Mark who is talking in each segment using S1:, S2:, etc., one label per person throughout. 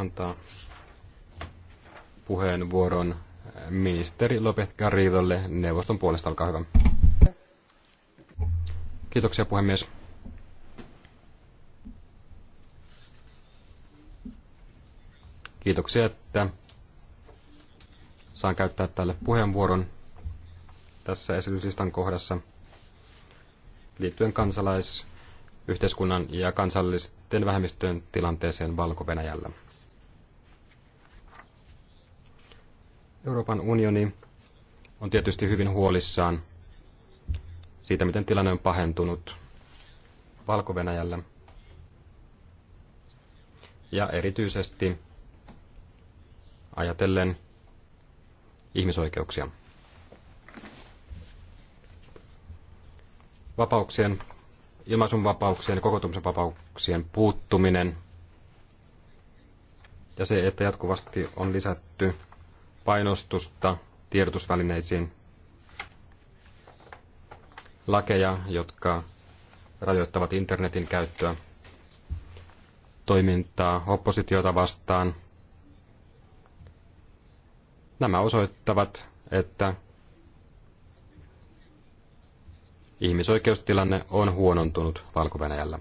S1: antaa puheenvuoron ministeri Lopet Garridolle neuvoston puolesta. Olkaa hyvä. Kiitoksia puhemies. Kiitoksia, että saan käyttää tälle puheenvuoron tässä esityslistan kohdassa liittyen kansalaisyhteiskunnan ja kansallisten vähemmistöjen tilanteeseen Valko-Venäjällä. Euroopan unioni on tietysti hyvin huolissaan siitä, miten tilanne on pahentunut valko Ja erityisesti ajatellen ihmisoikeuksia. Vapauksien, ilmaisun vapauksien ja kokoontumisen vapauksien puuttuminen ja se, että jatkuvasti on lisätty painostusta tiedotusvälineisiin, lakeja, jotka rajoittavat internetin käyttöä, toimintaa oppositiota vastaan. Nämä osoittavat, että ihmisoikeustilanne on huonontunut valko -Venäjällä.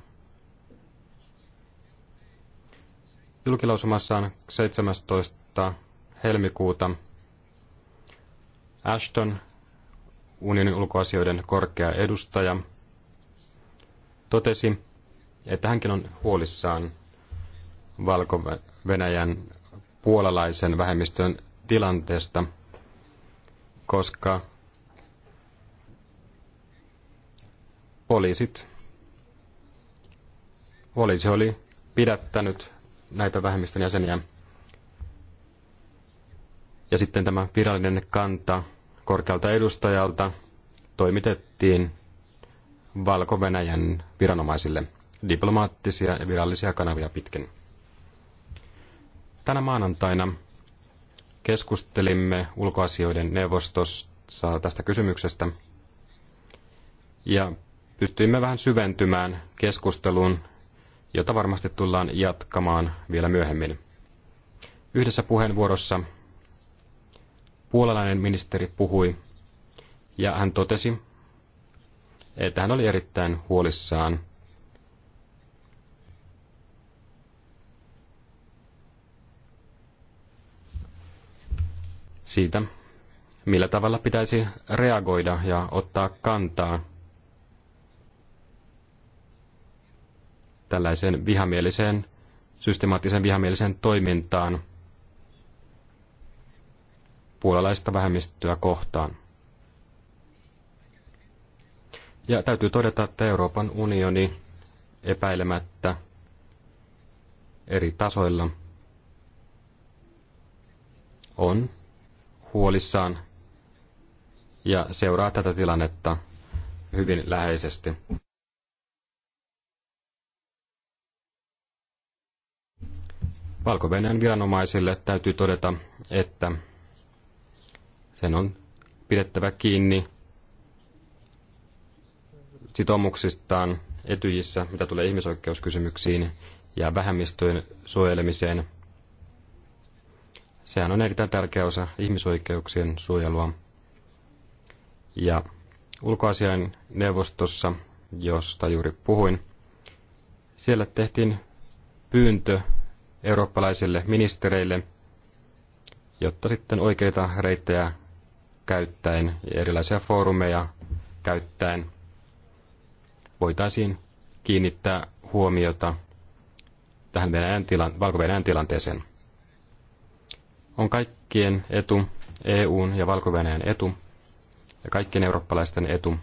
S1: Julkilausumassaan 17 helmikuuta Ashton, unionin ulkoasioiden korkea edustaja, totesi, että hänkin on huolissaan Valko-Venäjän puolalaisen vähemmistön tilanteesta, koska poliisit, poliisi oli pidättänyt näitä vähemmistön jäseniä ja sitten tämä virallinen kanta korkealta edustajalta toimitettiin Valko-Venäjän viranomaisille diplomaattisia ja virallisia kanavia pitkin. Tänä maanantaina keskustelimme ulkoasioiden neuvostossa tästä kysymyksestä ja pystyimme vähän syventymään keskusteluun, jota varmasti tullaan jatkamaan vielä myöhemmin. Yhdessä puheenvuorossa puolalainen ministeri puhui ja hän totesi, että hän oli erittäin huolissaan siitä, millä tavalla pitäisi reagoida ja ottaa kantaa tällaiseen vihamieliseen, systemaattiseen vihamieliseen toimintaan puolalaista vähemmistöä kohtaan. Ja täytyy todeta, että Euroopan unioni epäilemättä eri tasoilla on huolissaan ja seuraa tätä tilannetta hyvin läheisesti. valko viranomaisille täytyy todeta, että sen on pidettävä kiinni sitoumuksistaan etyjissä, mitä tulee ihmisoikeuskysymyksiin ja vähemmistöjen suojelemiseen. Sehän on erittäin tärkeä osa ihmisoikeuksien suojelua. Ja ulkoasiain neuvostossa, josta juuri puhuin, siellä tehtiin pyyntö eurooppalaisille ministereille, jotta sitten oikeita reittejä käyttäen ja erilaisia foorumeja käyttäen voitaisiin kiinnittää huomiota tähän Venäjän tilan, valko -Venäjän tilanteeseen. On kaikkien etu, EUn ja valko etu ja kaikkien eurooppalaisten etu,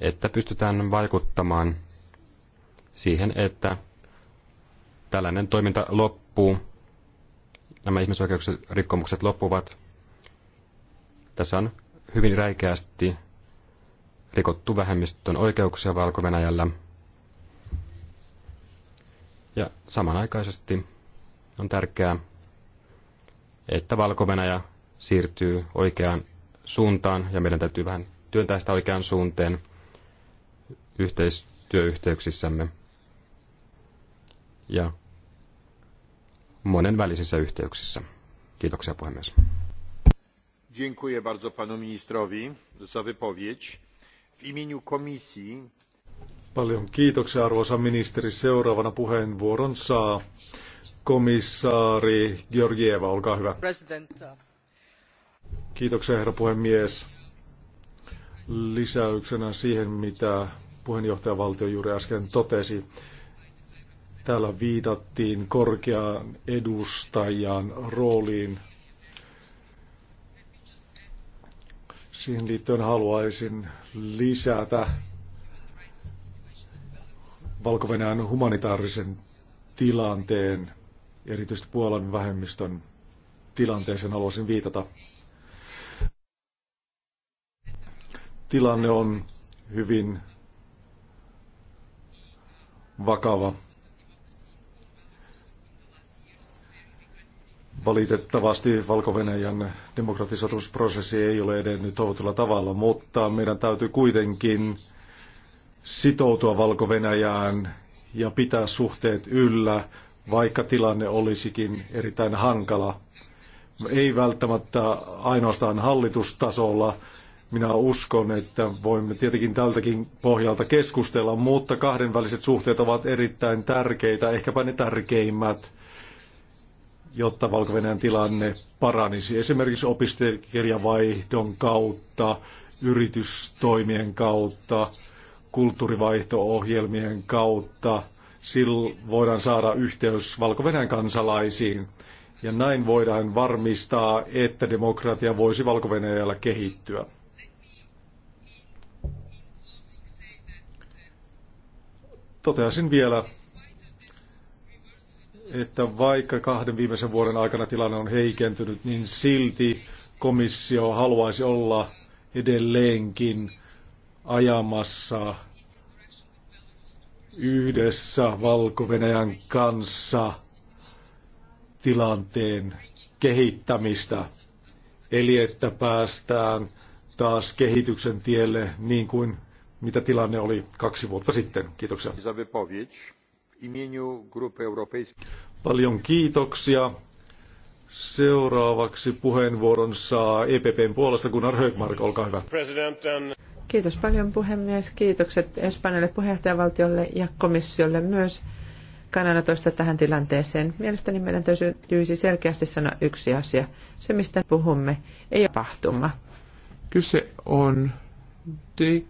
S1: että pystytään vaikuttamaan siihen, että tällainen toiminta loppuu nämä rikkomukset loppuvat. Tässä on hyvin räikeästi rikottu vähemmistön oikeuksia valko -Venäjällä. Ja samanaikaisesti on tärkeää, että valko siirtyy oikeaan suuntaan ja meidän täytyy vähän työntää sitä oikeaan suunteen yhteistyöyhteyksissämme. Ja monenvälisissä yhteyksissä.
S2: Kiitoksia puhemies.
S1: Dziękuję bardzo panu ministrowi za wypowiedź. W imieniu komisji...
S2: Paljon kiitoksia arvoisa ministeri. Seuraavana puheenvuoron saa komissaari Georgieva, olkaa hyvä. President. Kiitoksia herra puhemies. Lisäyksenä siihen, mitä puheenjohtajavaltio juuri äsken totesi. Täällä viitattiin korkean edustajan rooliin. Siihen liittyen haluaisin lisätä valko humanitaarisen tilanteen, erityisesti Puolan vähemmistön tilanteeseen haluaisin viitata. Tilanne on hyvin vakava. Valitettavasti valko demokratisoitusprosessi ei ole edennyt toivotulla tavalla, mutta meidän täytyy kuitenkin sitoutua valko ja pitää suhteet yllä, vaikka tilanne olisikin erittäin hankala. Ei välttämättä ainoastaan hallitustasolla. Minä uskon, että voimme tietenkin tältäkin pohjalta keskustella, mutta kahdenväliset suhteet ovat erittäin tärkeitä, ehkäpä ne tärkeimmät jotta valko tilanne paranisi esimerkiksi opiskelijavaihdon kautta, yritystoimien kautta, kulttuurivaihto-ohjelmien kautta. Silloin voidaan saada yhteys valko kansalaisiin ja näin voidaan varmistaa, että demokratia voisi valko kehittyä. Toteasin vielä, että vaikka kahden viimeisen vuoden aikana tilanne on heikentynyt, niin silti komissio haluaisi olla edelleenkin ajamassa yhdessä valko kanssa tilanteen kehittämistä. Eli että päästään taas kehityksen tielle niin kuin mitä tilanne oli kaksi vuotta sitten. Kiitoksia. Paljon kiitoksia. Seuraavaksi puheenvuoron saa EPPn puolesta Gunnar Högmark, olkaa hyvä.
S3: Kiitos paljon puhemies. Kiitokset Espanjalle puheenjohtajavaltiolle ja komissiolle myös kannanotoista tähän tilanteeseen. Mielestäni meidän täytyisi selkeästi sanoa yksi asia. Se, mistä puhumme, ei ole pahtuma. Kyse on dig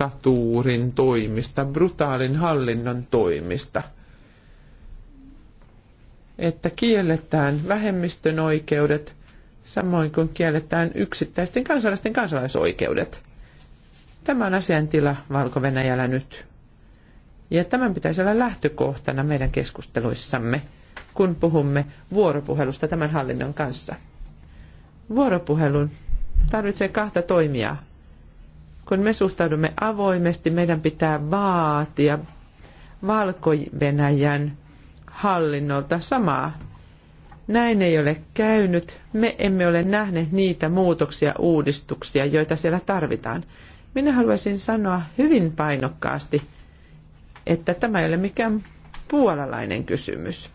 S3: diktatuurin toimista, brutaalin hallinnon toimista. Että kielletään vähemmistön oikeudet, samoin kuin kielletään yksittäisten kansalaisten kansalaisoikeudet. Tämä on asiantila valko nyt. Ja tämän pitäisi olla lähtökohtana meidän keskusteluissamme, kun puhumme vuoropuhelusta tämän hallinnon kanssa. Vuoropuhelun tarvitsee kahta toimijaa. Kun me suhtaudumme avoimesti, meidän pitää vaatia Valko-Venäjän hallinnolta samaa. Näin ei ole käynyt. Me emme ole nähneet niitä muutoksia, uudistuksia, joita siellä tarvitaan. Minä haluaisin sanoa hyvin painokkaasti, että tämä ei ole mikään puolalainen kysymys.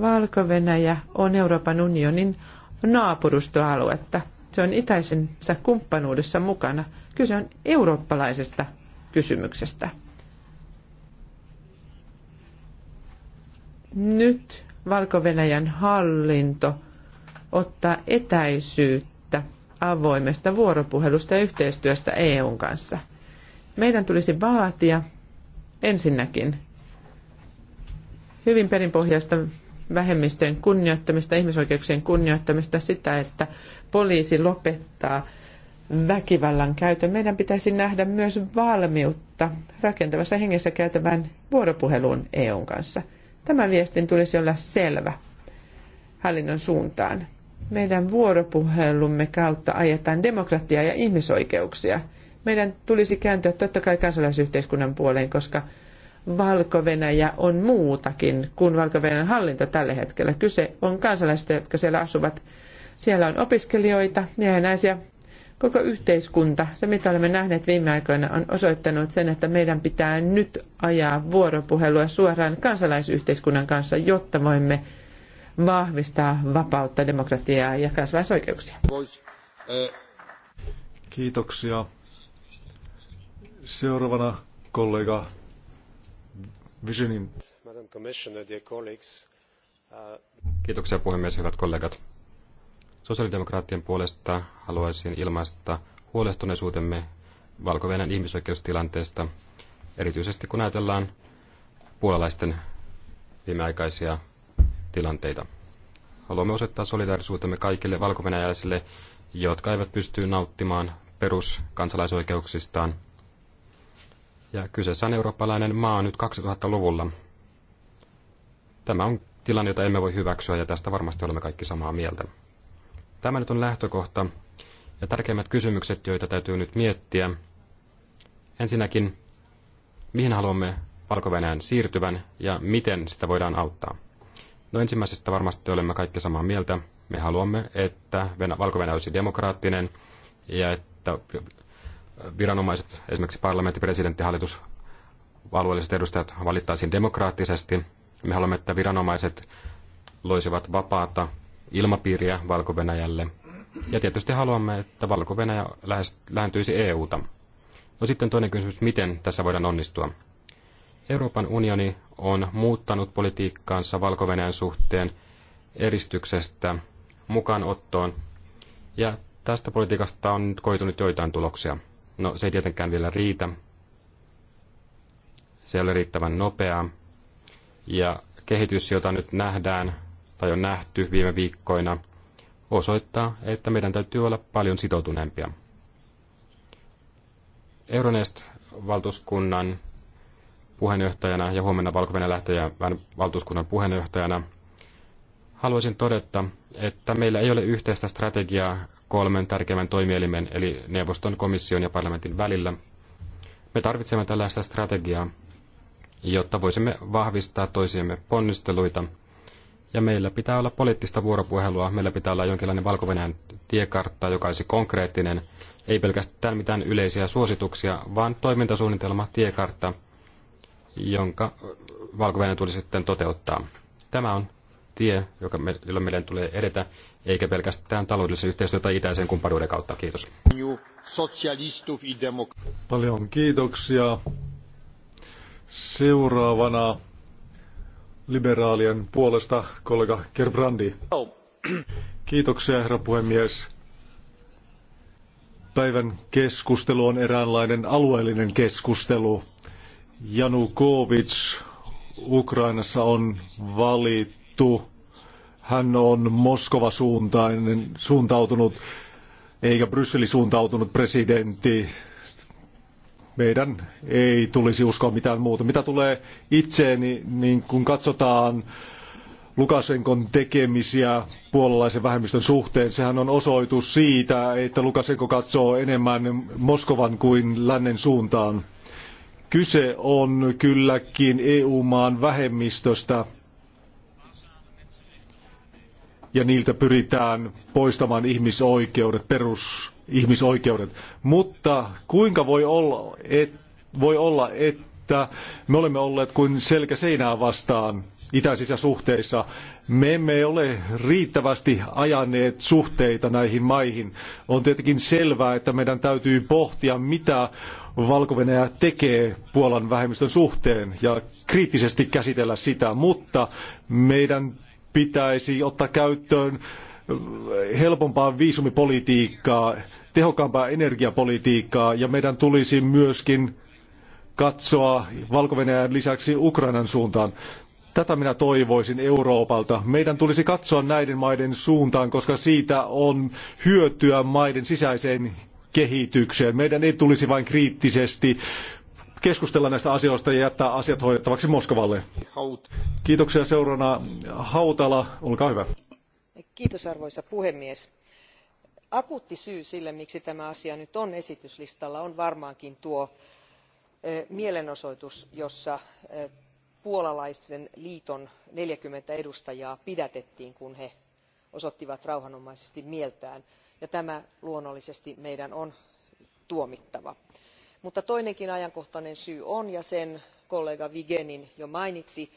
S3: valko on Euroopan unionin naapurustoaluetta se on itäisessä kumppanuudessa mukana. Kyse on eurooppalaisesta kysymyksestä. Nyt valko hallinto ottaa etäisyyttä avoimesta vuoropuhelusta ja yhteistyöstä EUn kanssa. Meidän tulisi vaatia ensinnäkin hyvin perinpohjaista vähemmistöjen kunnioittamista, ihmisoikeuksien kunnioittamista, sitä, että poliisi lopettaa väkivallan käytön. Meidän pitäisi nähdä myös valmiutta rakentavassa hengessä käytävän vuoropuheluun EUn kanssa. Tämän viestin tulisi olla selvä hallinnon suuntaan. Meidän vuoropuhelumme kautta ajetaan demokratiaa ja ihmisoikeuksia. Meidän tulisi kääntyä totta kai kansalaisyhteiskunnan puoleen, koska valko on muutakin kuin valko hallinto tällä hetkellä. Kyse on kansalaisista, jotka siellä asuvat. Siellä on opiskelijoita, miehen naisia, koko yhteiskunta. Se, mitä olemme nähneet viime aikoina, on osoittanut sen, että meidän pitää nyt ajaa vuoropuhelua suoraan kansalaisyhteiskunnan kanssa, jotta voimme vahvistaa vapautta, demokratiaa ja kansalaisoikeuksia.
S2: Kiitoksia. Seuraavana kollega Kiitoksia
S1: puhemies, hyvät kollegat. Sosiaalidemokraattien puolesta haluaisin ilmaista huolestuneisuutemme valko ihmisoikeustilanteesta, erityisesti kun ajatellaan puolalaisten viimeaikaisia tilanteita. Haluamme osoittaa solidaarisuutemme kaikille valko jotka eivät pysty nauttimaan peruskansalaisoikeuksistaan – ja kyseessä on eurooppalainen maa nyt 2000-luvulla. Tämä on tilanne, jota emme voi hyväksyä ja tästä varmasti olemme kaikki samaa mieltä. Tämä nyt on lähtökohta ja tärkeimmät kysymykset, joita täytyy nyt miettiä. Ensinnäkin, mihin haluamme valko siirtyvän ja miten sitä voidaan auttaa? No ensimmäisestä varmasti olemme kaikki samaa mieltä. Me haluamme, että valko olisi demokraattinen ja että viranomaiset, esimerkiksi parlamentti, presidentti, hallitus, alueelliset edustajat valittaisiin demokraattisesti. Me haluamme, että viranomaiset loisivat vapaata ilmapiiriä valko -Venäjälle. Ja tietysti haluamme, että valko lähentyisi EUta. No sitten toinen kysymys, miten tässä voidaan onnistua? Euroopan unioni on muuttanut politiikkaansa valko suhteen eristyksestä mukaanottoon, ja tästä politiikasta on nyt koitunut joitain tuloksia. No se ei tietenkään vielä riitä. Se ei ole riittävän nopeaa. Ja kehitys, jota nyt nähdään tai on nähty viime viikkoina, osoittaa, että meidän täytyy olla paljon sitoutuneempia. Euronest-valtuuskunnan puheenjohtajana ja huomenna valko lähtöjä valtuuskunnan puheenjohtajana haluaisin todeta, että meillä ei ole yhteistä strategiaa kolmen tärkeimmän toimielimen, eli neuvoston, komission ja parlamentin välillä. Me tarvitsemme tällaista strategiaa, jotta voisimme vahvistaa toisiemme ponnisteluita. Ja meillä pitää olla poliittista vuoropuhelua, meillä pitää olla jonkinlainen valko tiekartta, joka olisi konkreettinen, ei pelkästään mitään yleisiä suosituksia, vaan toimintasuunnitelma, tiekartta, jonka valko tulisi sitten toteuttaa. Tämä on tie, joka me, jolla meidän tulee edetä, eikä pelkästään taloudellisen yhteistyön tai itäisen kumppanuuden kautta. Kiitos.
S2: Paljon kiitoksia. Seuraavana liberaalien puolesta kollega Gerbrandi. Kiitoksia, herra puhemies. Päivän keskustelu on eräänlainen alueellinen keskustelu. Janukovic Ukrainassa on valittu tuttu. Hän on Moskova suuntainen, suuntautunut, eikä Brysseli suuntautunut presidentti. Meidän ei tulisi uskoa mitään muuta. Mitä tulee itseeni, niin kun katsotaan Lukasenkon tekemisiä puolalaisen vähemmistön suhteen. Sehän on osoitus siitä, että Lukasenko katsoo enemmän Moskovan kuin lännen suuntaan. Kyse on kylläkin EU-maan vähemmistöstä, ja niiltä pyritään poistamaan ihmisoikeudet, perusihmisoikeudet. Mutta kuinka voi olla, et, voi olla, että me olemme olleet kuin selkä seinää vastaan itäisissä suhteissa. Me emme ole riittävästi ajaneet suhteita näihin maihin. On tietenkin selvää, että meidän täytyy pohtia, mitä valko tekee Puolan vähemmistön suhteen ja kriittisesti käsitellä sitä, mutta meidän pitäisi ottaa käyttöön helpompaa viisumipolitiikkaa, tehokkaampaa energiapolitiikkaa ja meidän tulisi myöskin katsoa valko lisäksi Ukrainan suuntaan. Tätä minä toivoisin Euroopalta. Meidän tulisi katsoa näiden maiden suuntaan, koska siitä on hyötyä maiden sisäiseen kehitykseen. Meidän ei tulisi vain kriittisesti keskustella näistä asioista ja jättää asiat hoidettavaksi Moskovalle. Kiitoksia seurana Hautala, olkaa hyvä.
S4: Kiitos arvoisa puhemies akuutti syy sille miksi tämä asia nyt on esityslistalla on varmaankin tuo mielenosoitus jossa puolalaisen liiton neljäkymmentä edustajaa pidätettiin kun he osoittivat rauhanomaisesti mieltään ja tämä luonnollisesti meidän on tuomittava mutta toinenkin ajankohtainen syy on ja sen kollega vigenin jo mainitsi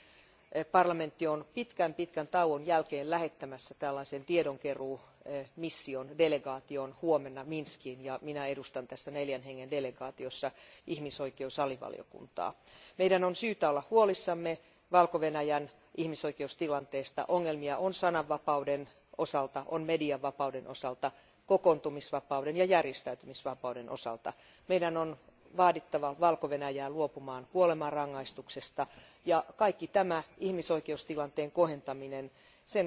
S4: eh, parlamentti on pitkän pitkän tauon jälkeen lähettämässä tällaisen tiedonkeruumission eh, delegaation huomenna minskiin ja minä edustan tässä neljän hengen delegaatiossa ihmisoikeusalivaliokuntaa. meidän on syytä olla huolissamme valko venäjän ihmisoikeustilanteesta. ongelmia on sananvapauden osalta on median vapauden osalta kokoontumisvapauden ja järjestäytymisvapauden osalta. meidän on vaadittava valko venäjää luopumaan kuolemanrangaistuksesta ja kaiken tämän ihmisoikeustilanteen kohentamisen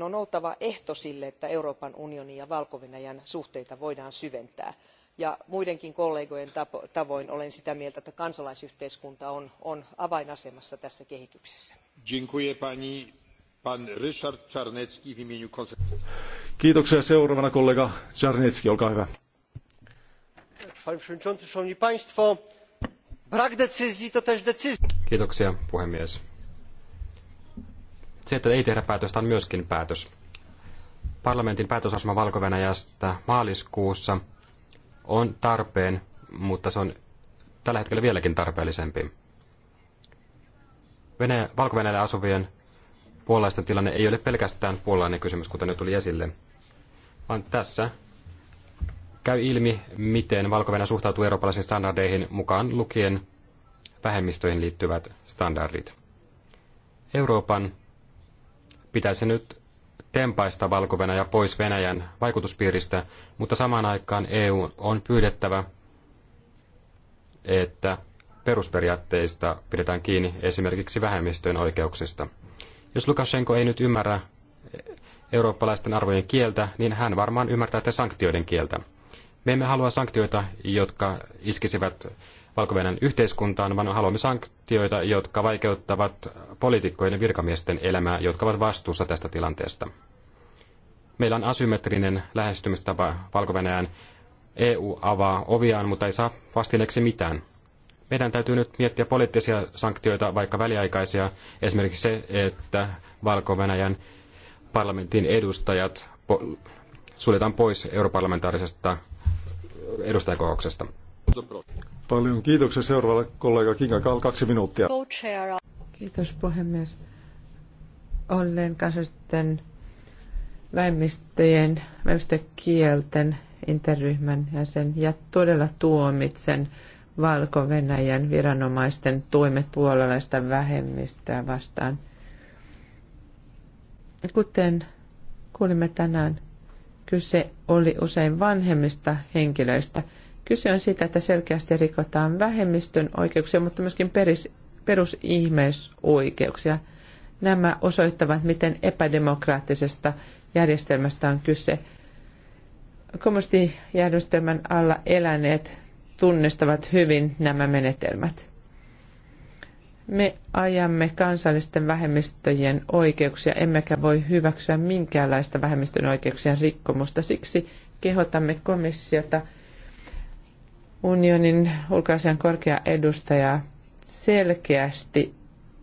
S4: on oltava ehto sille että euroopan unionin ja valko venäjän suhteita voidaan syventää ja muidenkin kollegojen tavoin olen sitä mieltä että kansalaisyhteiskunta on avainasemassa tässä kehityksessä.
S2: Kiitoksia. Seuraavana kollega Czarnecki, olkaa hyvä panie przewodniczący! brak decyzji to też decyzja. Kiitoksia
S1: puhemies. Se, että ei tehdä päätöstä, on myöskin päätös. Parlamentin päätösasema valko maaliskuussa on tarpeen, mutta se on tällä hetkellä vieläkin tarpeellisempi. Venäjä, valko -Venäjällä asuvien puolalaisten tilanne ei ole pelkästään puolalainen kysymys, kuten nyt tuli esille, vaan tässä käy ilmi, miten valko suhtautuu eurooppalaisiin standardeihin mukaan lukien vähemmistöihin liittyvät standardit. Euroopan pitäisi nyt tempaista valko pois Venäjän vaikutuspiiristä, mutta samaan aikaan EU on pyydettävä, että perusperiaatteista pidetään kiinni esimerkiksi vähemmistöjen oikeuksista. Jos Lukashenko ei nyt ymmärrä e- eurooppalaisten arvojen kieltä, niin hän varmaan ymmärtää te sanktioiden kieltä. Me emme halua sanktioita, jotka iskisivät valko yhteiskuntaan, vaan haluamme sanktioita, jotka vaikeuttavat poliitikkojen ja virkamiesten elämää, jotka ovat vastuussa tästä tilanteesta. Meillä on asymmetrinen lähestymistapa valko -Venäjään. EU avaa oviaan, mutta ei saa vastineeksi mitään. Meidän täytyy nyt miettiä poliittisia sanktioita, vaikka väliaikaisia, esimerkiksi se, että valko parlamentin edustajat suljetaan pois europarlamentaarisesta edustajakokouksesta.
S2: Paljon kiitoksia seuraavalle kollega Kinga Kall, kaksi minuuttia.
S3: Kiitos puhemies. Olen kansallisten vähemmistöjen, vähemmistökielten interryhmän jäsen ja todella tuomitsen Valko-Venäjän viranomaisten toimet puolalaista vähemmistöä vastaan. Kuten kuulimme tänään, Kyse oli usein vanhemmista henkilöistä. Kyse on siitä, että selkeästi rikotaan vähemmistön oikeuksia, mutta myöskin peris, perusihmeisoikeuksia. Nämä osoittavat, miten epädemokraattisesta järjestelmästä on kyse. Kommunistijärjestelmän alla eläneet tunnistavat hyvin nämä menetelmät. Me ajamme kansallisten vähemmistöjen oikeuksia, emmekä voi hyväksyä minkäänlaista vähemmistön oikeuksien rikkomusta. Siksi kehotamme komissiota unionin ulkoasian korkea edustajaa selkeästi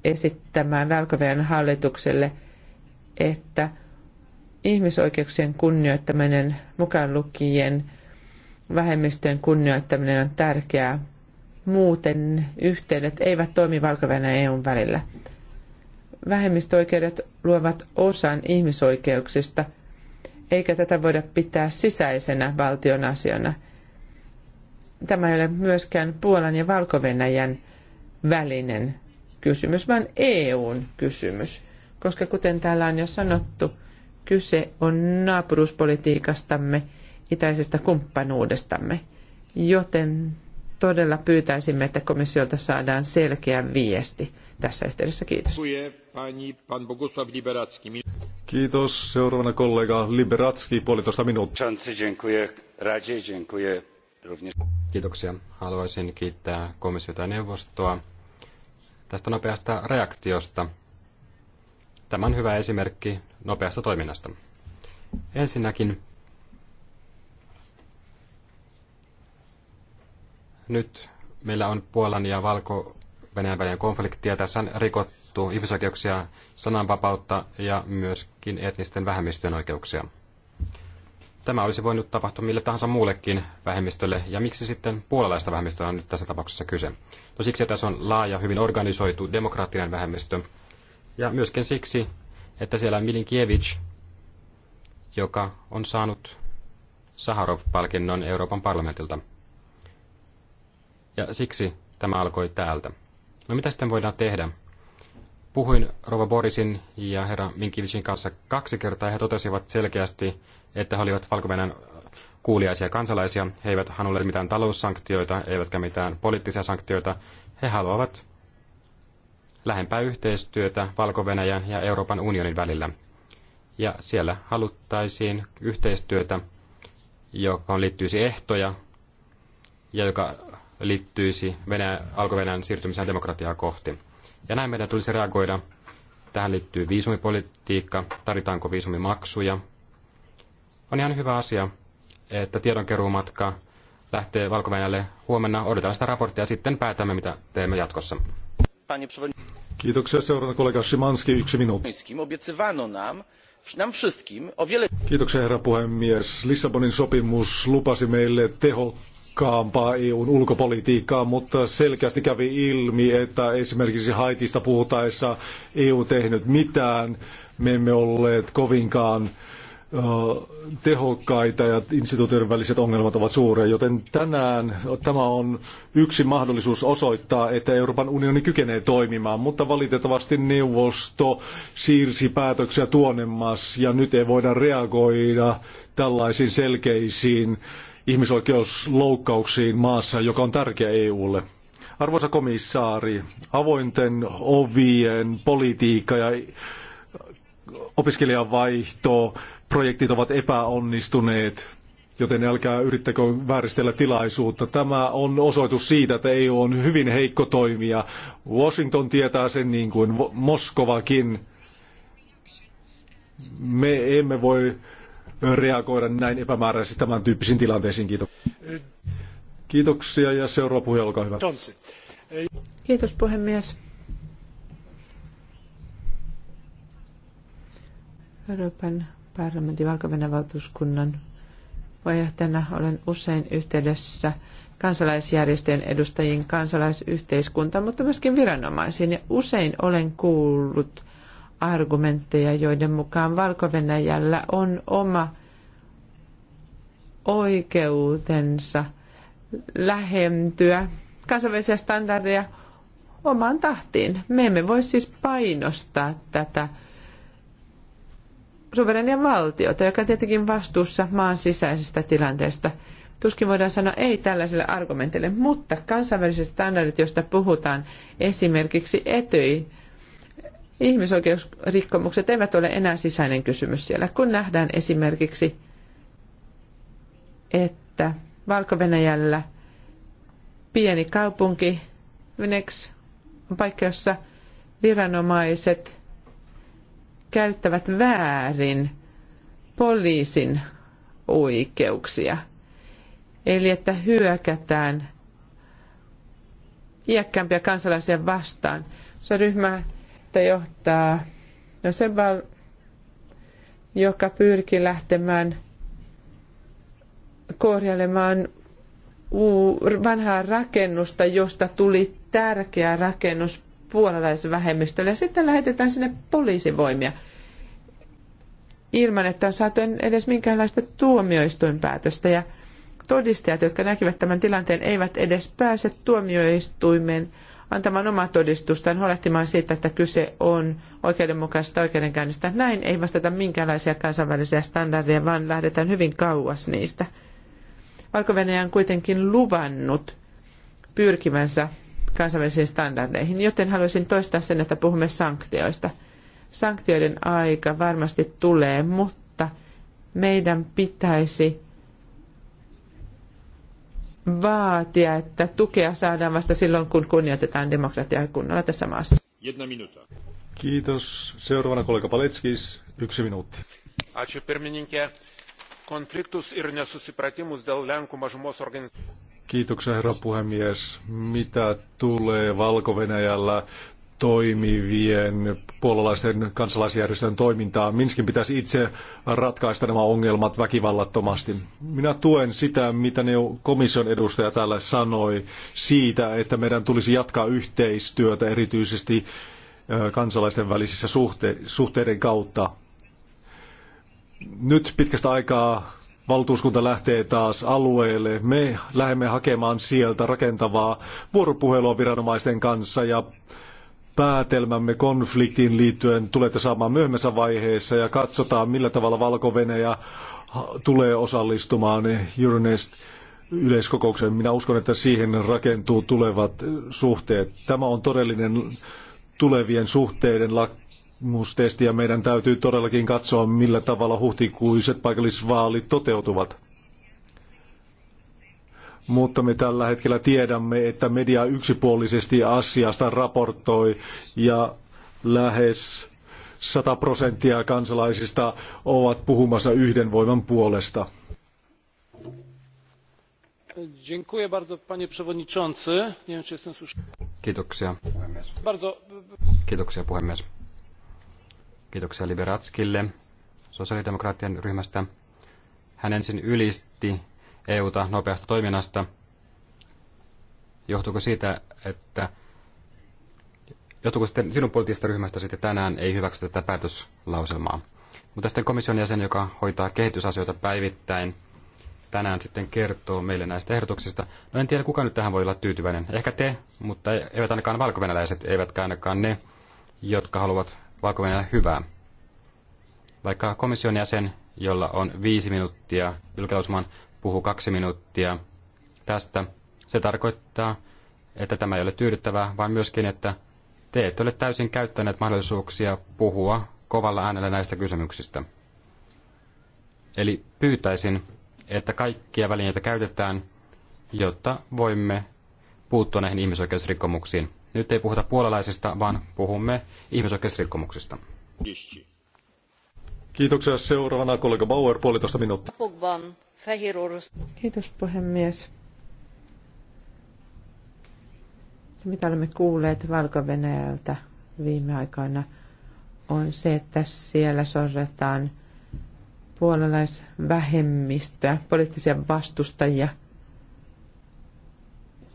S3: esittämään valko hallitukselle, että ihmisoikeuksien kunnioittaminen, mukaan lukien vähemmistöjen kunnioittaminen on tärkeää muuten yhteydet eivät toimi valko ja EUn välillä. Vähemmistöoikeudet luovat osan ihmisoikeuksista, eikä tätä voida pitää sisäisenä valtion asiana. Tämä ei ole myöskään Puolan ja valko välinen kysymys, vaan EUn kysymys. Koska kuten täällä on jo sanottu, kyse on naapuruuspolitiikastamme, itäisestä kumppanuudestamme. Joten todella pyytäisimme, että komissiolta saadaan selkeä viesti tässä yhteydessä. Kiitos.
S2: Kiitos. Seuraavana kollega Liberatski, puolitoista minuuttia.
S1: Kiitoksia. Haluaisin kiittää komissiota ja neuvostoa tästä nopeasta reaktiosta. Tämä on hyvä esimerkki nopeasta toiminnasta. Ensinnäkin Nyt meillä on Puolan ja valko Venäjän välinen konflikti ja tässä on rikottu ihmisoikeuksia, sananvapautta ja myöskin etnisten vähemmistöjen oikeuksia. Tämä olisi voinut tapahtua mille tahansa muullekin vähemmistölle, ja miksi sitten puolalaista vähemmistöä on nyt tässä tapauksessa kyse? No siksi, että se on laaja, hyvin organisoitu, demokraattinen vähemmistö, ja myöskin siksi, että siellä on Milinkiewicz, joka on saanut Saharov-palkinnon Euroopan parlamentilta. Ja siksi tämä alkoi täältä. No mitä sitten voidaan tehdä? Puhuin Rova Borisin ja herra Minkivisin kanssa kaksi kertaa ja he totesivat selkeästi, että he olivat valko äh, kuuliaisia kansalaisia. He eivät halunneet mitään taloussanktioita, eivätkä mitään poliittisia sanktioita. He haluavat lähempää yhteistyötä valko ja Euroopan unionin välillä. Ja siellä haluttaisiin yhteistyötä, joka liittyisi ehtoja ja joka liittyisi Venäjä, Alko-Venäjän siirtymiseen demokratiaa kohti. Ja näin meidän tulisi reagoida. Tähän liittyy viisumipolitiikka, tarvitaanko viisumimaksuja. On ihan hyvä asia, että tiedonkeruumatka lähtee valko huomenna. Odotetaan sitä raporttia ja sitten päätämme, mitä teemme jatkossa. Kiitoksia.
S2: Seuraavana kollega Szymanski, yksi minuutti. Kiitoksia herra puhemies. Lissabonin sopimus lupasi meille tehokkaasti tehokkaampaa EUn ulkopolitiikkaa, mutta selkeästi kävi ilmi, että esimerkiksi Haitista puhutaessa EU tehnyt mitään, me emme olleet kovinkaan tehokkaita ja instituutioiden väliset ongelmat ovat suuria, joten tänään tämä on yksi mahdollisuus osoittaa, että Euroopan unioni kykenee toimimaan, mutta valitettavasti neuvosto siirsi päätöksiä tuonemmas ja nyt ei voida reagoida tällaisiin selkeisiin äh, ihmisoikeusloukkauksiin maassa, joka on tärkeä EUlle. Arvoisa komissaari, avointen ovien politiikka ja opiskelijavaihto, projektit ovat epäonnistuneet, joten älkää yrittäkö vääristellä tilaisuutta. Tämä on osoitus siitä, että EU on hyvin heikko toimija. Washington tietää sen niin kuin Moskovakin. Me emme voi reagoida näin epämääräisesti tämän tyyppisiin tilanteisiin. Kiitos. Kiitoksia ja seuraava olkaa hyvä.
S3: Kiitos puhemies. Euroopan parlamentin valko valtuuskunnan puheenjohtajana olen usein yhteydessä kansalaisjärjestöjen edustajiin, kansalaisyhteiskuntaan, mutta myöskin viranomaisiin. Ja usein olen kuullut argumentteja, joiden mukaan valko on oma oikeutensa lähentyä kansainvälisiä standardeja omaan tahtiin. Me emme voi siis painostaa tätä suverenia valtiota, joka tietenkin vastuussa maan sisäisestä tilanteesta. Tuskin voidaan sanoa ei tällaiselle argumentille, mutta kansainväliset standardit, joista puhutaan esimerkiksi etyi ihmisoikeusrikkomukset eivät ole enää sisäinen kysymys siellä, kun nähdään esimerkiksi, että valko pieni kaupunki, Venex on paikka, jossa viranomaiset käyttävät väärin poliisin oikeuksia. Eli että hyökätään iäkkäämpiä kansalaisia vastaan. Se ryhmä sitten johtaa Josebal, joka pyrki lähtemään korjailemaan vanhaa rakennusta, josta tuli tärkeä rakennus puolalaisvähemmistölle. Ja sitten lähetetään sinne poliisivoimia ilman, että on saatu edes minkäänlaista tuomioistuinpäätöstä. Ja todistajat, jotka näkivät tämän tilanteen, eivät edes pääse tuomioistuimeen antamaan omaa todistustaan, huolehtimaan siitä, että kyse on oikeudenmukaisesta oikeudenkäynnistä. Näin ei vastata minkäänlaisia kansainvälisiä standardeja, vaan lähdetään hyvin kauas niistä. valko on kuitenkin luvannut pyrkivänsä kansainvälisiin standardeihin, joten haluaisin toistaa sen, että puhumme sanktioista. Sanktioiden aika varmasti tulee, mutta meidän pitäisi vaatia, että tukea saadaan vasta silloin, kun kunnioitetaan demokratiaa kunnolla tässä maassa.
S2: Kiitos. Seuraavana kollega Paletskis, yksi minuutti. Ačiū pirmininkė. Konfliktus ir nesusipratimus dėl Lenkų mažumos organizacijos. Kiitoksia herra puhemies. Mitä tulee valko toimivien puolalaisen kansalaisjärjestön toimintaa. Minskin pitäisi itse ratkaista nämä ongelmat väkivallattomasti. Minä tuen sitä, mitä ne komission edustaja täällä sanoi siitä, että meidän tulisi jatkaa yhteistyötä erityisesti kansalaisten välisissä suhte- suhteiden kautta. Nyt pitkästä aikaa valtuuskunta lähtee taas alueelle. Me lähdemme hakemaan sieltä rakentavaa vuoropuhelua viranomaisten kanssa ja päätelmämme konfliktiin liittyen tulette saamaan myöhemmässä vaiheessa ja katsotaan, millä tavalla valko tulee osallistumaan Euronest yleiskokoukseen. Minä uskon, että siihen rakentuu tulevat suhteet. Tämä on todellinen tulevien suhteiden lakmustesti ja meidän täytyy todellakin katsoa, millä tavalla huhtikuiset paikallisvaalit toteutuvat mutta me tällä hetkellä tiedämme, että media yksipuolisesti asiasta raportoi ja lähes 100 prosenttia kansalaisista ovat puhumassa yhden voiman puolesta.
S1: Kiitoksia. Kiitoksia puhemies. Kiitoksia Liberatskille sosiaalidemokraattien ryhmästä. Hän ensin ylisti EUta nopeasta toiminnasta? Johtuuko siitä, että johtuuko sitten sinun poliittisesta ryhmästä sitten tänään ei hyväksytä tätä päätöslauselmaa? Mutta sitten komission jäsen, joka hoitaa kehitysasioita päivittäin, tänään sitten kertoo meille näistä ehdotuksista. No en tiedä, kuka nyt tähän voi olla tyytyväinen. Ehkä te, mutta eivät ainakaan valkovenäläiset, eivätkä ainakaan ne, jotka haluavat valko hyvää. Vaikka komission jäsen, jolla on viisi minuuttia julkilausuman puhuu kaksi minuuttia tästä, se tarkoittaa, että tämä ei ole tyydyttävää, vaan myöskin, että te ette ole täysin käyttäneet mahdollisuuksia puhua kovalla äänellä näistä kysymyksistä. Eli pyytäisin, että kaikkia välineitä käytetään, jotta voimme puuttua näihin ihmisoikeusrikkomuksiin. Nyt ei puhuta puolalaisista, vaan puhumme
S2: ihmisoikeusrikkomuksista. Kiitoksia. Seuraavana kollega Bauer, puolitoista minuuttia.
S3: Kiitos puhemies. Se, mitä olemme kuulleet valko viime aikoina, on se, että siellä sorretaan puolalaisvähemmistöä, poliittisia vastustajia.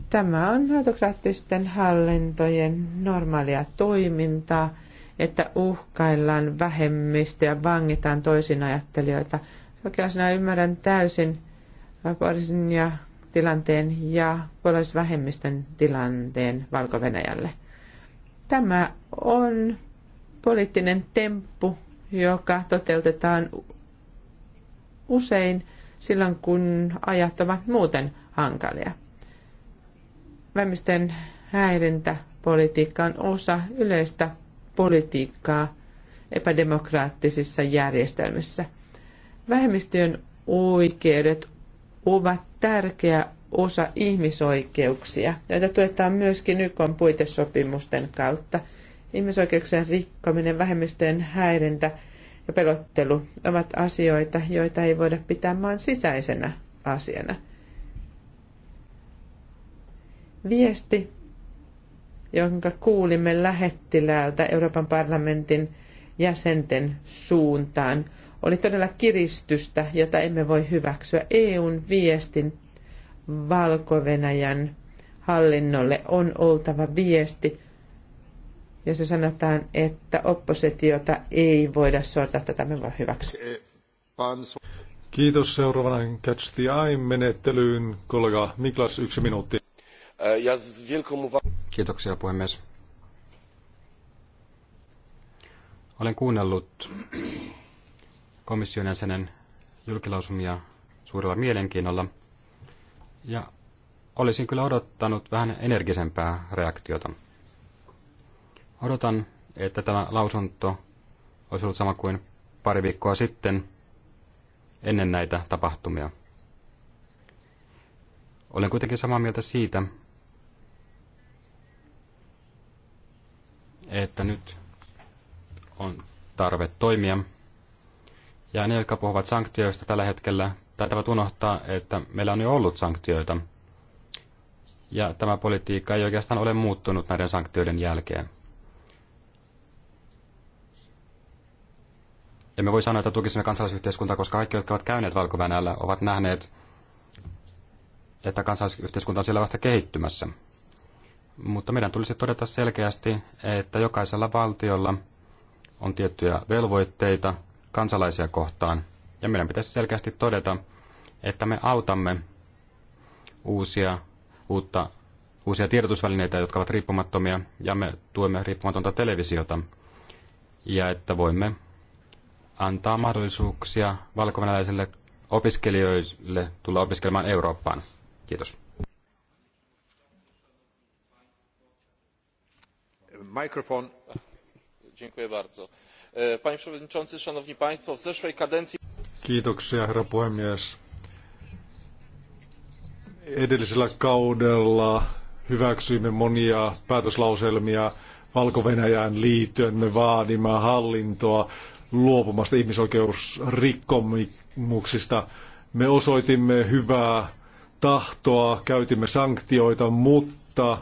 S3: Tämä on autokraattisten hallintojen normaalia toimintaa, että uhkaillaan vähemmistöä, vangitaan toisinajattelijoita – sinä ymmärrän täysin vapaudisin ja tilanteen ja puolaisvähemmistön tilanteen valko -Venäjälle. Tämä on poliittinen temppu, joka toteutetaan usein silloin, kun ajat ovat muuten hankalia. Vähemmistön häirintäpolitiikka on osa yleistä politiikkaa epädemokraattisissa järjestelmissä – Vähemmistöjen oikeudet ovat tärkeä osa ihmisoikeuksia, Tätä tuetaan myöskin YK puitesopimusten kautta. Ihmisoikeuksien rikkominen, vähemmistöjen häirintä ja pelottelu ovat asioita, joita ei voida pitää maan sisäisenä asiana. Viesti, jonka kuulimme lähettiläältä Euroopan parlamentin jäsenten suuntaan, oli todella kiristystä, jota emme voi hyväksyä. EUn viestin valko hallinnolle on oltava viesti, jossa sanotaan, että oppositiota ei voida sortaa, tätä me voi hyväksyä.
S2: Kiitos. Seuraavana Catch the Eye-menettelyyn kollega Miklas, yksi minuutti. Kiitoksia puhemies.
S1: Olen kuunnellut komission jäsenen julkilausumia suurella mielenkiinnolla. Ja olisin kyllä odottanut vähän energisempää reaktiota. Odotan, että tämä lausunto olisi ollut sama kuin pari viikkoa sitten ennen näitä tapahtumia. Olen kuitenkin samaa mieltä siitä, että nyt on tarve toimia ja ne, jotka puhuvat sanktioista tällä hetkellä, taitavat unohtaa, että meillä on jo ollut sanktioita. Ja tämä politiikka ei oikeastaan ole muuttunut näiden sanktioiden jälkeen. Emme voi sanoa, että tukisimme kansalaisyhteiskuntaa, koska kaikki, jotka ovat käyneet valko ovat nähneet, että kansalaisyhteiskunta on siellä vasta kehittymässä. Mutta meidän tulisi todeta selkeästi, että jokaisella valtiolla on tiettyjä velvoitteita kansalaisia kohtaan. Ja meidän pitäisi selkeästi todeta, että me autamme uusia, uutta, uusia tiedotusvälineitä, jotka ovat riippumattomia, ja me tuemme riippumatonta televisiota, ja että voimme antaa mahdollisuuksia valkovenäläisille opiskelijoille tulla opiskelemaan Eurooppaan. Kiitos.
S4: Mikrofon.
S3: Dziękuję bardzo E, panie Przewodniczący, Szanowni Państwo, w zeszłej kadencji...
S2: Kiitoksia, herra puhemies.
S3: Edellisellä
S2: kaudella hyväksyimme monia päätöslauselmia valko liittyen. Me vaadimme hallintoa luopumasta ihmisoikeusrikkomuksista. Me osoitimme hyvää tahtoa, käytimme sanktioita, mutta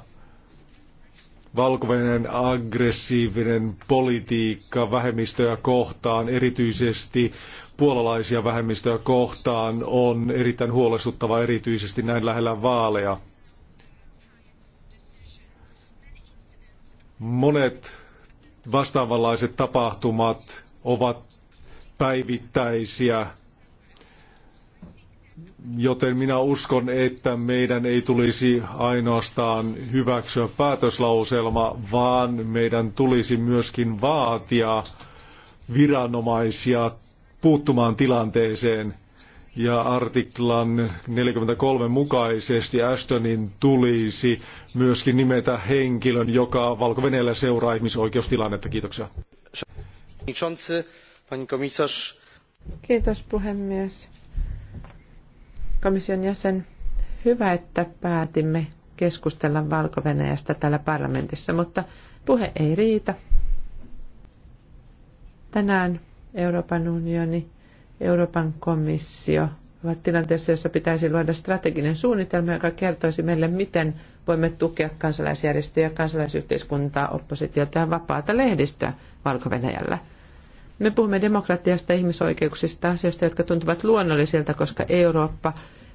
S2: valko aggressiivinen politiikka vähemmistöjä kohtaan, erityisesti puolalaisia vähemmistöjä kohtaan, on erittäin huolestuttava erityisesti näin lähellä vaaleja. Monet vastaavanlaiset tapahtumat ovat päivittäisiä Joten minä uskon, että meidän ei tulisi ainoastaan hyväksyä päätöslauselma, vaan meidän tulisi myöskin vaatia viranomaisia puuttumaan tilanteeseen. Ja artiklan 43 mukaisesti Ashtonin tulisi myöskin nimetä henkilön, joka valko seuraa ihmisoikeustilannetta. Kiitoksia.
S3: Kiitos puhemies komission jäsen, hyvä, että päätimme keskustella valko täällä parlamentissa, mutta puhe ei riitä. Tänään Euroopan unioni, Euroopan komissio ovat tilanteessa, jossa pitäisi luoda strateginen suunnitelma, joka kertoisi meille, miten voimme tukea kansalaisjärjestöjä, kansalaisyhteiskuntaa, oppositiota ja vapaata lehdistöä valko -Venäjällä. Me puhumme demokratiasta, ihmisoikeuksista, asioista, jotka tuntuvat luonnollisilta, koska Eurooppa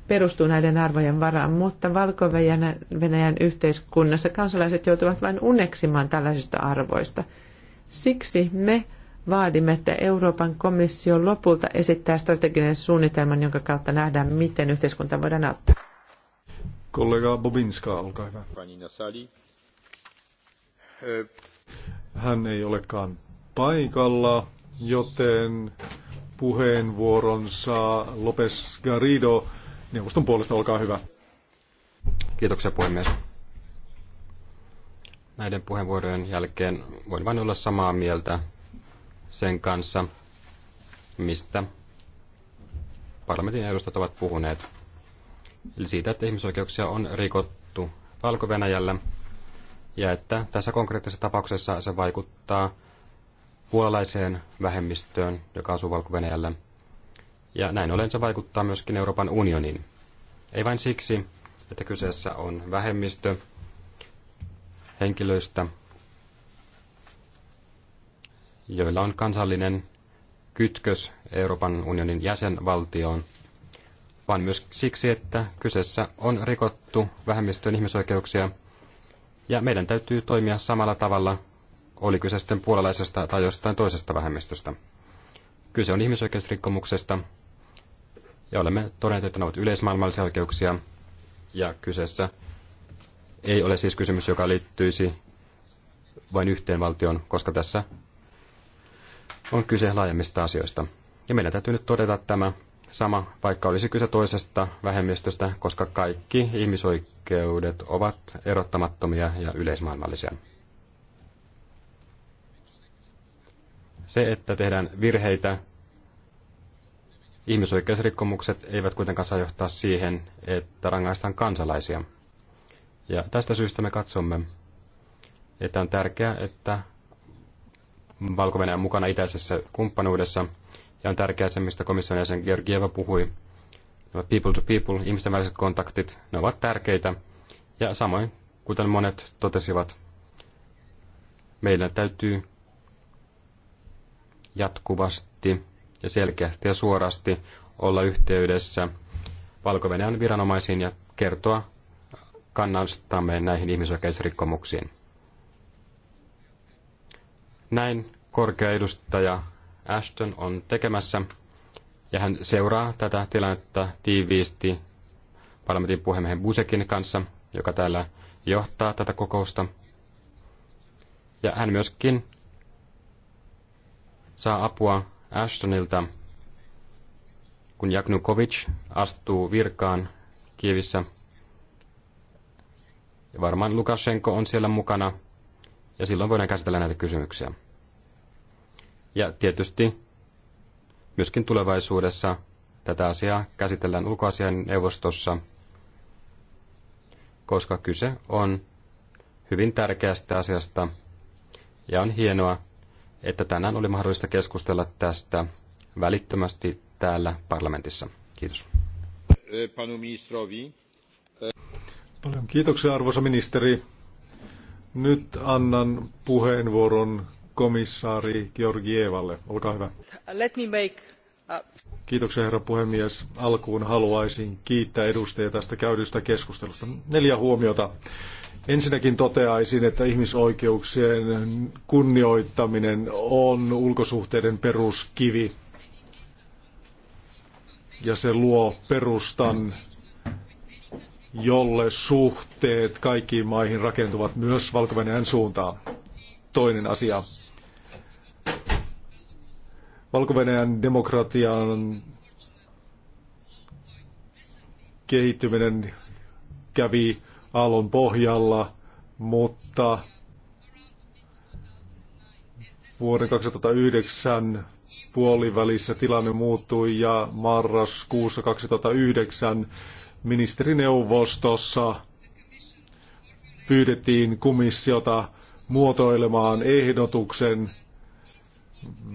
S3: perustuu näiden arvojen varaan, mutta valko venäjän yhteiskunnassa kansalaiset joutuvat vain uneksimaan tällaisista arvoista. Siksi me vaadimme, että Euroopan komissio lopulta esittää strateginen suunnitelman, jonka kautta nähdään, miten yhteiskunta voidaan auttaa.
S2: Kollega Bobinska, olkaa hyvä. Hän ei olekaan paikalla joten puheenvuoronsa Lopes Garrido neuvoston puolesta, olkaa hyvä.
S1: Kiitoksia puhemies. Näiden puheenvuorojen jälkeen voin vain olla samaa mieltä sen kanssa, mistä parlamentin edustajat ovat puhuneet. Eli siitä, että ihmisoikeuksia on rikottu valko ja että tässä konkreettisessa tapauksessa se vaikuttaa puolalaiseen vähemmistöön, joka asuu valko -Venäjällä. Ja näin ollen se vaikuttaa myöskin Euroopan unionin. Ei vain siksi, että kyseessä on vähemmistö henkilöistä, joilla on kansallinen kytkös Euroopan unionin jäsenvaltioon, vaan myös siksi, että kyseessä on rikottu vähemmistön ihmisoikeuksia, ja meidän täytyy toimia samalla tavalla oli kyse sitten puolalaisesta tai jostain toisesta vähemmistöstä. Kyse on ihmisoikeusrikkomuksesta, ja olemme todenneet, että ne ovat yleismaailmallisia oikeuksia, ja kyseessä ei ole siis kysymys, joka liittyisi vain yhteen valtioon, koska tässä on kyse laajemmista asioista. Ja meidän täytyy nyt todeta tämä sama, vaikka olisi kyse toisesta vähemmistöstä, koska kaikki ihmisoikeudet ovat erottamattomia ja yleismaailmallisia. Se, että tehdään virheitä, ihmisoikeusrikkomukset eivät kuitenkaan saa johtaa siihen, että rangaistaan kansalaisia. Ja tästä syystä me katsomme, että on tärkeää, että valko on mukana itäisessä kumppanuudessa, ja on tärkeää se, mistä komission jäsen Georgieva puhui, nämä people to people, ihmisten väliset kontaktit, ne ovat tärkeitä, ja samoin, kuten monet totesivat, meidän täytyy jatkuvasti ja selkeästi ja suorasti olla yhteydessä valko viranomaisiin ja kertoa kannastamme näihin ihmisoikeusrikkomuksiin. Näin korkea edustaja Ashton on tekemässä ja hän seuraa tätä tilannetta tiiviisti parlamentin puhemiehen Busekin kanssa, joka täällä johtaa tätä kokousta. Ja hän myöskin saa apua Ashtonilta, kun Jaknukovic astuu virkaan Kievissä. Ja varmaan Lukashenko on siellä mukana, ja silloin voidaan käsitellä näitä kysymyksiä. Ja tietysti myöskin tulevaisuudessa tätä asiaa käsitellään ulkoasian neuvostossa, koska kyse on hyvin tärkeästä asiasta, ja on hienoa, että tänään oli mahdollista keskustella tästä välittömästi täällä parlamentissa.
S2: Kiitos. Paljon kiitoksia arvoisa ministeri. Nyt annan puheenvuoron komissaari Georgievalle. Olkaa hyvä.
S1: Let me make
S2: Kiitoksia herra puhemies. Alkuun haluaisin kiittää edustajia tästä käydystä keskustelusta. Neljä huomiota. Ensinnäkin toteaisin, että ihmisoikeuksien kunnioittaminen on ulkosuhteiden peruskivi ja se luo perustan, jolle suhteet kaikkiin maihin rakentuvat myös valko suuntaan. Toinen asia. valko demokratian kehittyminen kävi aallon pohjalla, mutta vuoden 2009 puolivälissä tilanne muuttui ja marraskuussa 2009 ministerineuvostossa pyydettiin komissiota muotoilemaan ehdotuksen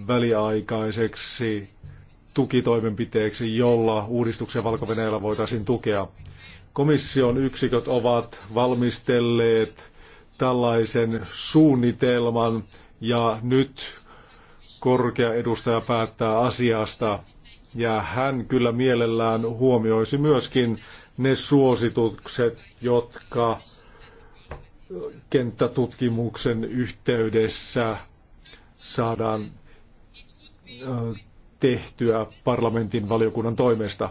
S2: väliaikaiseksi tukitoimenpiteeksi, jolla uudistuksia valko voitaisiin tukea. Komission yksiköt ovat valmistelleet tällaisen suunnitelman ja nyt korkea edustaja päättää asiasta ja hän kyllä mielellään huomioisi myöskin ne suositukset, jotka kenttätutkimuksen yhteydessä saadaan tehtyä parlamentin valiokunnan toimesta.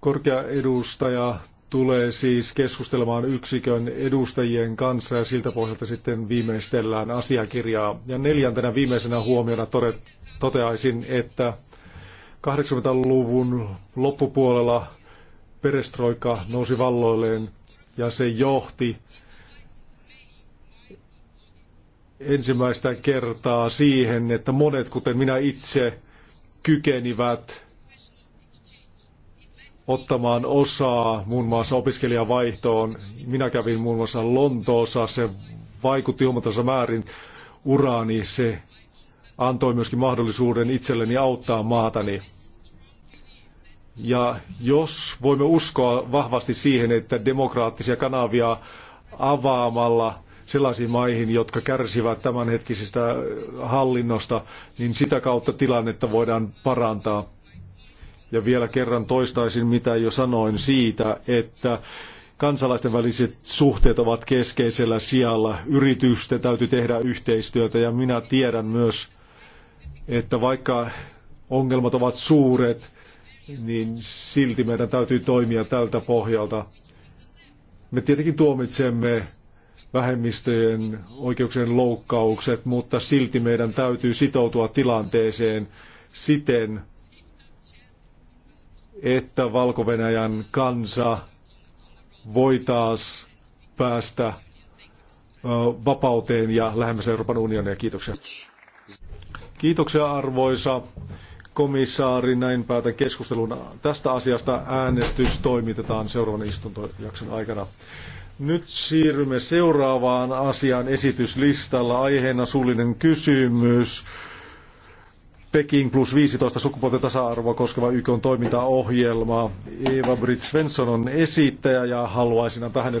S2: Korkea edustaja tulee siis keskustelemaan yksikön edustajien kanssa ja siltä pohjalta sitten viimeistellään asiakirjaa. Ja neljäntenä viimeisenä huomiona toteaisin, että 80-luvun loppupuolella perestroika nousi valloilleen ja se johti ensimmäistä kertaa siihen, että monet, kuten minä itse, kykenivät ottamaan osaa muun muassa opiskelijavaihtoon. Minä kävin muun muassa Lontoossa, se vaikutti huomattavassa määrin uraani, se antoi myöskin mahdollisuuden itselleni auttaa maatani. Ja jos voimme uskoa vahvasti siihen, että demokraattisia kanavia avaamalla sellaisiin maihin, jotka kärsivät tämänhetkisestä hallinnosta, niin sitä kautta tilannetta voidaan parantaa. Ja vielä kerran toistaisin, mitä jo sanoin siitä, että kansalaisten väliset suhteet ovat keskeisellä sijalla. Yritysten täytyy tehdä yhteistyötä ja minä tiedän myös, että vaikka ongelmat ovat suuret, niin silti meidän täytyy toimia tältä pohjalta. Me tietenkin tuomitsemme vähemmistöjen oikeuksien loukkaukset, mutta silti meidän täytyy sitoutua tilanteeseen siten, että valko kansa voi taas päästä vapauteen ja lähemmäs Euroopan unionia. Kiitoksia. Kiitoksia arvoisa komissaari. Näin päätän keskustelun tästä asiasta. Äänestys toimitetaan seuraavan istuntojakson aikana. Nyt siirrymme seuraavaan asiaan esityslistalla. Aiheena suullinen kysymys. Peking plus 15 sukupuolten tasa-arvoa koskeva YK toimintaohjelma. Eva Britt Svensson on esittäjä ja haluaisin antaa hänelle